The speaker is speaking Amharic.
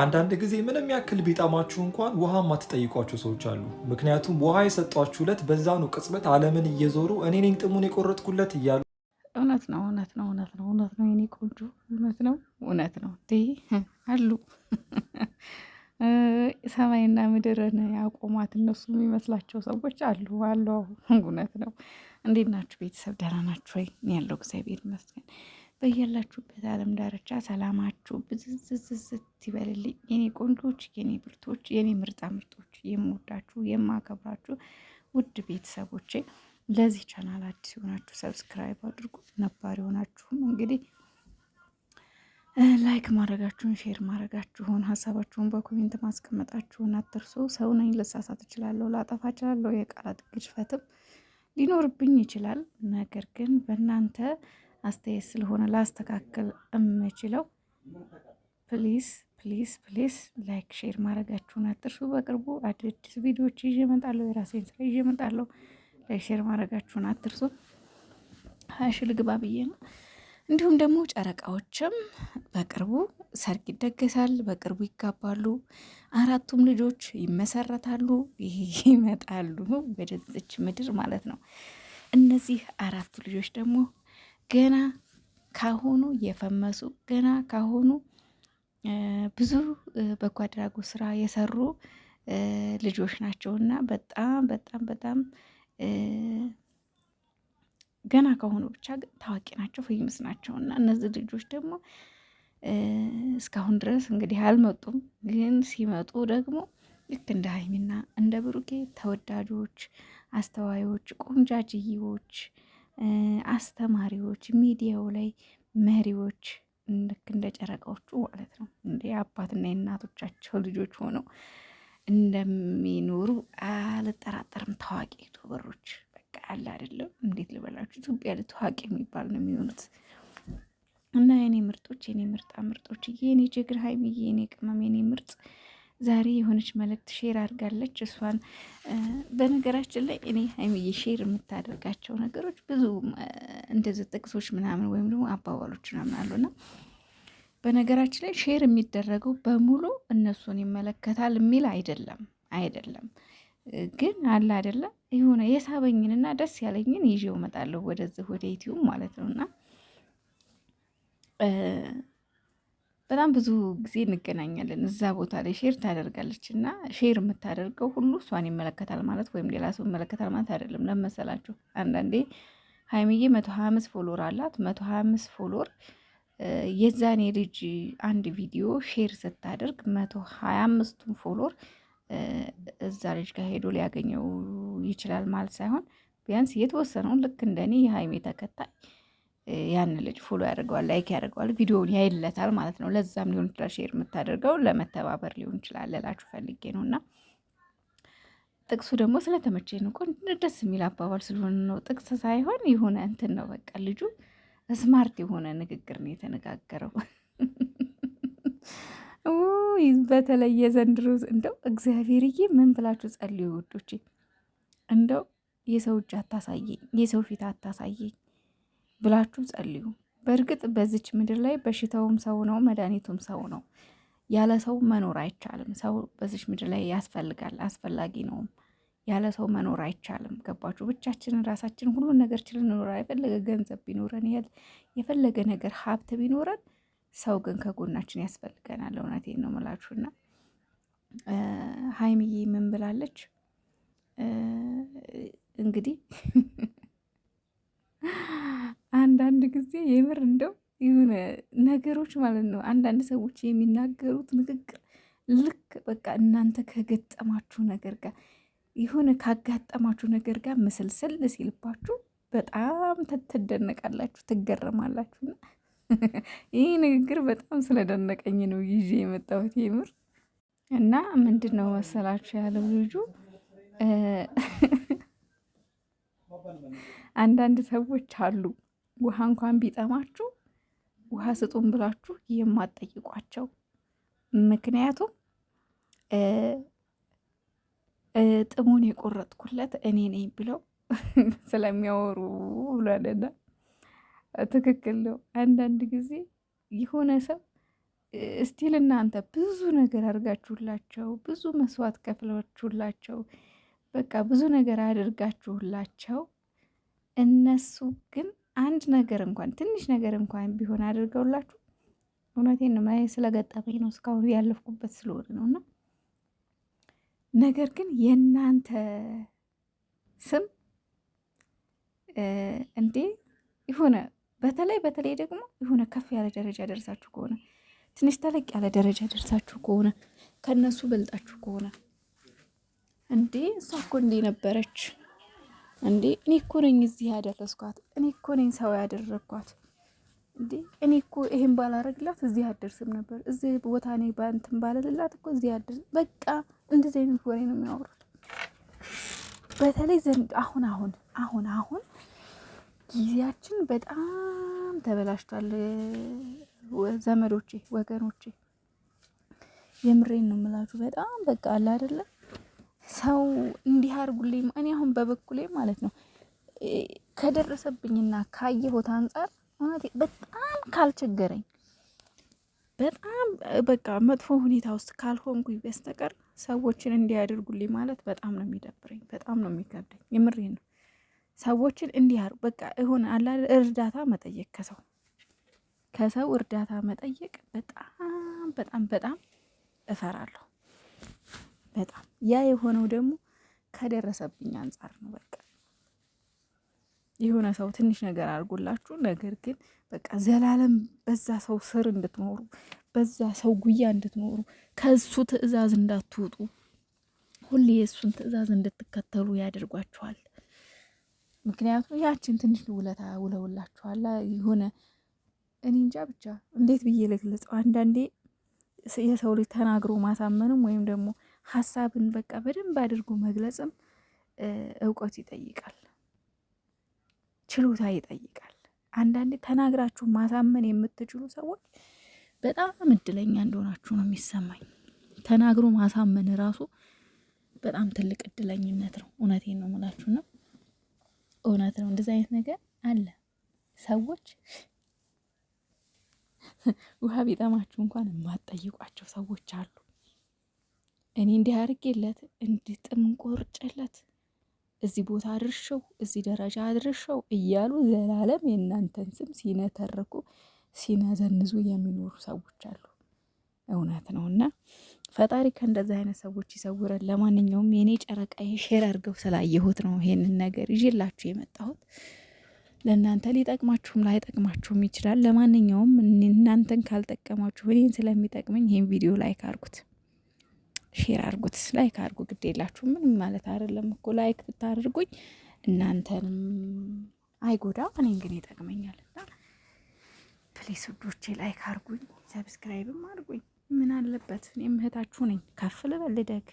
አንዳንድ ጊዜ ምንም ያክል ቢጠማችሁ እንኳን ውሃ የማትጠይቋቸው ሰዎች አሉ። ምክንያቱም ውሃ የሰጧችሁ ዕለት በዛኑ ቅጽበት ዓለምን እየዞሩ እኔ ነኝ ጥሙን የቆረጥኩለት እያሉ እውነት ነው፣ እውነት ነው፣ እውነት ነው፣ እውነት ነው፣ የኔ ቆንጆ እውነት ነው፣ እውነት ነው። አሉ ሰማይና ምድርን ያቆማት እነሱ የሚመስላቸው ሰዎች አሉ አሉ። እውነት ነው። እንዴት ናችሁ ቤተሰብ? ደህና ናችሁ ወይ? ያለው እግዚአብሔር ይመስገን። በያላችሁበት ዓለም ዳርቻ ሰላማችሁ ሰላማችሁ ብዝዝዝዝት ይበልልኝ የኔ ቆንጆች፣ የኔ ብርቶች፣ የኔ ምርጣ ምርጦች፣ የምወዳችሁ የማከብራችሁ ውድ ቤተሰቦቼ ለዚህ ቻናል አዲስ የሆናችሁ ሰብስክራይብ አድርጉ። ነባር የሆናችሁም እንግዲህ ላይክ ማድረጋችሁን ሼር ማድረጋችሁን ሀሳባችሁን በኮሜንት ማስቀመጣችሁን አትርሱ። ሰው ነኝ፣ ልሳሳት እችላለሁ፣ ላጠፋ እችላለሁ፣ የቃላት ግድፈትም ሊኖርብኝ ይችላል። ነገር ግን በእናንተ አስተያየት ስለሆነ ላስተካከል የምችለው ፕሊስ ፕሊስ ፕሊስ ላይክ ሼር ማድረጋችሁን አትርሱ። በቅርቡ አዳዲስ ቪዲዮዎች ይዤ እመጣለሁ። የራሴን ስራ ይዤ እመጣለሁ። ላይክ ሼር ማድረጋችሁን አትርሱ። ሀሽ ልግባ ብዬ ነው። እንዲሁም ደግሞ ጨረቃዎችም በቅርቡ ሰርግ ይደገሳል፣ በቅርቡ ይጋባሉ፣ አራቱም ልጆች ይመሰረታሉ፣ ይመጣሉ ወደዚች ምድር ማለት ነው። እነዚህ አራቱ ልጆች ደግሞ ገና ካሁኑ የፈመሱ ገና ካሁኑ ብዙ በጎ አድራጎት ስራ የሰሩ ልጆች ናቸው እና በጣም በጣም በጣም ገና ከሆኑ ብቻ ታዋቂ ናቸው፣ ፌመስ ናቸው እና እነዚህ ልጆች ደግሞ እስካሁን ድረስ እንግዲህ አልመጡም። ግን ሲመጡ ደግሞ ልክ እንደ ሀይሚና እንደ ብሩኬ ተወዳጆች፣ አስተዋዮች፣ ቆንጃጅዬዎች አስተማሪዎች፣ ሚዲያው ላይ መሪዎች ልክ እንደ ጨረቃዎቹ ማለት ነው እንደ አባትና የእናቶቻቸው ልጆች ሆነው እንደሚኖሩ አልጠራጠርም። ታዋቂ ዩቱበሮች በቃ ያለ አይደለም፣ እንዴት ልበላችሁ፣ ኢትዮጵያ ታዋቂ የሚባል ነው የሚሆኑት። እና የኔ ምርጦች፣ የኔ ምርጣ ምርጦች፣ የኔ ጀግር ሀይሚ፣ የኔ ቅመም፣ የኔ ምርጥ ዛሬ የሆነች መልእክት ሼር አድርጋለች። እሷን በነገራችን ላይ እኔ ሀይሚዬ ሼር የምታደርጋቸው ነገሮች ብዙ እንደዚህ ጥቅሶች ምናምን ወይም ደግሞ አባባሎች ምናምን አሉና በነገራችን ላይ ሼር የሚደረገው በሙሉ እነሱን ይመለከታል የሚል አይደለም አይደለም ግን አለ አይደለም የሆነ የሳበኝንና ደስ ያለኝን ይዤው እመጣለሁ ወደዚህ ወደ ኢትዮ ማለት ነውና በጣም ብዙ ጊዜ እንገናኛለን። እዛ ቦታ ላይ ሼር ታደርጋለች እና ሼር የምታደርገው ሁሉ እሷን ይመለከታል ማለት ወይም ሌላ ሰው ይመለከታል ማለት አይደለም። ለመሰላችሁ አንዳንዴ ሀይሚዬ መቶ ሀያ አምስት ፎሎወር አላት። መቶ ሀያ አምስት ፎሎወር የዛኔ ልጅ አንድ ቪዲዮ ሼር ስታደርግ መቶ ሀያ አምስቱን ፎሎወር እዛ ልጅ ጋር ሄዶ ሊያገኘው ይችላል ማለት ሳይሆን ቢያንስ የተወሰነውን ልክ እንደኔ የሀይሜ ተከታይ ያን ልጅ ፎሎ ያደርገዋል፣ ላይክ ያደርገዋል፣ ቪዲዮውን ያይለታል ማለት ነው። ለዛም ሊሆን ይችላል ሼር የምታደርገው ለመተባበር ሊሆን ይችላል ልላችሁ ፈልጌ ነው። እና ጥቅሱ ደግሞ ስለተመቼ ነው። ቆንጆ ደስ የሚል አባባል ስለሆነ ነው። ጥቅስ ሳይሆን የሆነ እንትን ነው። በቃ ልጁ ስማርት የሆነ ንግግር ነው የተነጋገረው። በተለየ ዘንድሮ እንደው እግዚአብሔርዬ ምን ብላችሁ ጸልዩ ውዶቼ። እንደው የሰው እጅ አታሳየኝ፣ የሰው ፊት አታሳየኝ ብላችሁ ጸልዩ። በእርግጥ በዚች ምድር ላይ በሽታውም ሰው ነው፣ መድኃኒቱም ሰው ነው። ያለ ሰው መኖር አይቻልም። ሰው በዚች ምድር ላይ ያስፈልጋል፣ አስፈላጊ ነውም። ያለ ሰው መኖር አይቻልም። ገባችሁ? ብቻችንን ራሳችን ሁሉን ነገር ችለን የፈለገ ገንዘብ ቢኖረን ያህል የፈለገ ነገር ሀብት ቢኖረን ሰው ግን ከጎናችን ያስፈልገናል። እውነት ነው የምላችሁና ሀይሚዬ ምን ብላለች እንግዲህ አንዳንድ ጊዜ የምር እንደው የሆነ ነገሮች ማለት ነው። አንዳንድ ሰዎች የሚናገሩት ንግግር ልክ በቃ እናንተ ከገጠማችሁ ነገር ጋር የሆነ ካጋጠማችሁ ነገር ጋር ምስልስል ሲልባችሁ በጣም ትደነቃላችሁ፣ ትገረማላችሁና ይህ ንግግር በጣም ስለደነቀኝ ነው ይዤ የመጣሁት የምር እና ምንድን ነው መሰላችሁ ያለው ልጁ አንዳንድ ሰዎች አሉ ውሃ እንኳን ቢጠማችሁ ውሃ ስጡን ብላችሁ የማትጠይቋቸው ምክንያቱም ጥሙን የቆረጥኩለት እኔ ነኝ ብለው ስለሚያወሩ ብሏልና ትክክል ነው። አንዳንድ ጊዜ የሆነ ሰው እስቲል እናንተ ብዙ ነገር አድርጋችሁላቸው፣ ብዙ መስዋዕት ከፍላችሁላቸው፣ በቃ ብዙ ነገር አድርጋችሁላቸው እነሱ ግን አንድ ነገር እንኳን ትንሽ ነገር እንኳን ቢሆን አድርገውላችሁ እውነቴን ስለገጠመኝ ነው እስካሁን ያለፍኩበት ስለሆነ ነው እና ነገር ግን የእናንተ ስም እንዴ የሆነ በተለይ በተለይ ደግሞ የሆነ ከፍ ያለ ደረጃ ደርሳችሁ ከሆነ ትንሽ ተለቅ ያለ ደረጃ ደርሳችሁ ከሆነ ከነሱ በልጣችሁ ከሆነ እንዴ እሷ እኮ እንዴ ነበረች እንዴ እኔ እኮ ነኝ እዚህ ያደረስኳት፣ እኔ እኮ ነኝ ሰው ያደረግኳት። እንዴ እኔ እኮ ይሄን ባላረግላት እዚህ አደርስም ነበር። እዚህ ቦታ እኔ በእንትን ባለልላት እኮ እዚህ አደርስ። በቃ እንደዚህ አይነት ወሬ ነው የሚያወሩት። በተለይ ዘንድ አሁን አሁን አሁን አሁን ጊዜያችን በጣም ተበላሽቷል ዘመዶቼ፣ ወገኖቼ የምሬን ነው የምላችሁ። በጣም በቃ አለ አይደለም ሰው እንዲህ አድርጉልኝ። እኔ አሁን በበኩሌ ማለት ነው ከደረሰብኝና ካየሁት አንጻር እውነቴ በጣም ካልቸገረኝ በጣም በቃ መጥፎ ሁኔታ ውስጥ ካልሆንኩኝ በስተቀር ሰዎችን እንዲያደርጉልኝ ማለት በጣም ነው የሚደብረኝ፣ በጣም ነው የሚከብደኝ። የምሬ ነው። ሰዎችን እንዲያር በቃ የሆነ አላ እርዳታ መጠየቅ ከሰው ከሰው እርዳታ መጠየቅ በጣም በጣም በጣም እፈራለሁ። በጣም ያ የሆነው ደግሞ ከደረሰብኝ አንጻር ነው። በቃ የሆነ ሰው ትንሽ ነገር አድርጎላችሁ፣ ነገር ግን በቃ ዘላለም በዛ ሰው ስር እንድትኖሩ፣ በዛ ሰው ጉያ እንድትኖሩ፣ ከእሱ ትዕዛዝ እንዳትወጡ፣ ሁሌ የእሱን ትዕዛዝ እንድትከተሉ ያደርጓችኋል። ምክንያቱም ያችን ትንሽ ውለታ ውለውላችኋላ። የሆነ እኔ እንጃ ብቻ እንዴት ብዬ ልግለጸው። አንዳንዴ የሰው ልጅ ተናግሮ ማሳመንም ወይም ደግሞ ሀሳብን በቃ በደንብ አድርጎ መግለጽም እውቀት ይጠይቃል፣ ችሎታ ይጠይቃል። አንዳንዴ ተናግራችሁ ማሳመን የምትችሉ ሰዎች በጣም እድለኛ እንደሆናችሁ ነው የሚሰማኝ። ተናግሮ ማሳመን ራሱ በጣም ትልቅ እድለኝነት ነው። እውነቴ ነው የምላችሁ ነው። እውነት ነው እንደዚህ አይነት ነገር አለ። ሰዎች ውሃ ቢጠማችሁ እንኳን የማትጠይቋቸው ሰዎች አሉ። እኔ እንዲህ አድርጌለት እንዲህ እዚህ ቦታ አድርሸው እዚህ ደረጃ አድርሸው እያሉ ዘላለም የእናንተን ስም ሲነተርኩ ሲነዘንዙ የሚኖሩ ሰዎች አሉ። እውነት ነው እና ፈጣሪ ከእንደዚህ አይነት ሰዎች ይሰውረን። ለማንኛውም የእኔ ጨረቃ ሼር አድርገው ስላየሁት ነው ይሄንን ነገር ይዤላችሁ የመጣሁት። ለእናንተ ሊጠቅማችሁም ላይጠቅማችሁም ይችላል። ለማንኛውም እናንተን ካልጠቀማችሁ እኔን ስለሚጠቅመኝ ይህን ቪዲዮ ላይክ አድርጉት። ሼር አድርጉት፣ ላይክ አድርጉ። ግድ የላችሁ ምንም ማለት አይደለም እኮ ላይክ ብታደርጉኝ እናንተንም አይጎዳ እኔን ግን ይጠቅመኛል። እና ፕሊስ ውዶቼ ላይክ አድርጉኝ፣ ሰብስክራይብም አድርጉኝ። ምን አለበት? እኔም እህታችሁ ነኝ። ከፍ ልበል፣ ልደግ